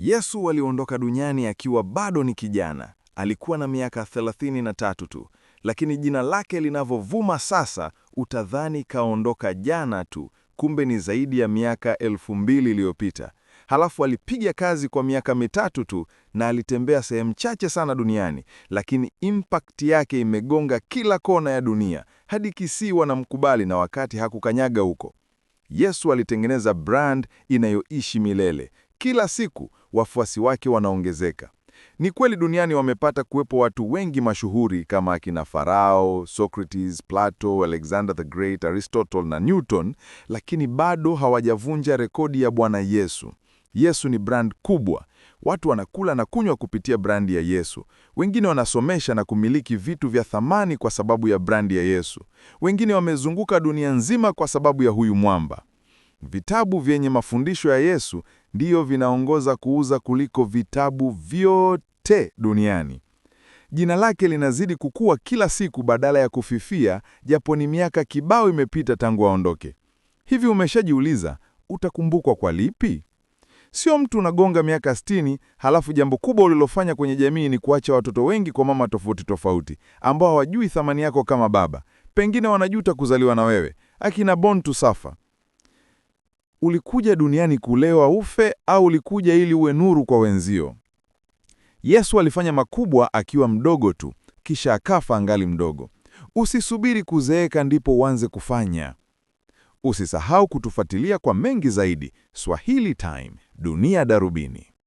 Yesu aliondoka duniani akiwa bado ni kijana, alikuwa na miaka 33 tu, lakini jina lake linavyovuma sasa, utadhani kaondoka jana tu, kumbe ni zaidi ya miaka elfu mbili iliyopita. Halafu alipiga kazi kwa miaka mitatu tu na alitembea sehemu chache sana duniani, lakini impact yake imegonga kila kona ya dunia, hadi kisiwa na mkubali na wakati hakukanyaga huko. Yesu alitengeneza brand inayoishi milele, kila siku wafuasi wake wanaongezeka. Ni kweli duniani wamepata kuwepo watu wengi mashuhuri kama akina Farao, Socrates, Plato, Alexander the Great, Aristotle na Newton, lakini bado hawajavunja rekodi ya Bwana Yesu. Yesu ni brand kubwa. Watu wanakula na kunywa kupitia brandi ya Yesu. Wengine wanasomesha na kumiliki vitu vya thamani kwa sababu ya brandi ya Yesu. Wengine wamezunguka dunia nzima kwa sababu ya huyu mwamba. Vitabu vyenye mafundisho ya Yesu ndiyo vinaongoza kuuza kuliko vitabu vyote duniani. Jina lake linazidi kukua kila siku badala ya kufifia, japo ni miaka kibao imepita tangu aondoke. Hivi umeshajiuliza utakumbukwa kwa lipi? Sio mtu unagonga miaka 60 halafu jambo kubwa ulilofanya kwenye jamii ni kuacha watoto wengi kwa mama tofauti tofauti ambao hawajui thamani yako kama baba. Pengine wanajuta kuzaliwa na wewe, akina Bontu Safa ulikuja duniani kulewa ufe au ulikuja ili uwe nuru kwa wenzio? Yesu alifanya makubwa akiwa mdogo tu, kisha akafa angali mdogo. Usisubiri kuzeeka ndipo uanze kufanya. Usisahau kutufuatilia kwa mengi zaidi. Swahili Time, Dunia Darubini.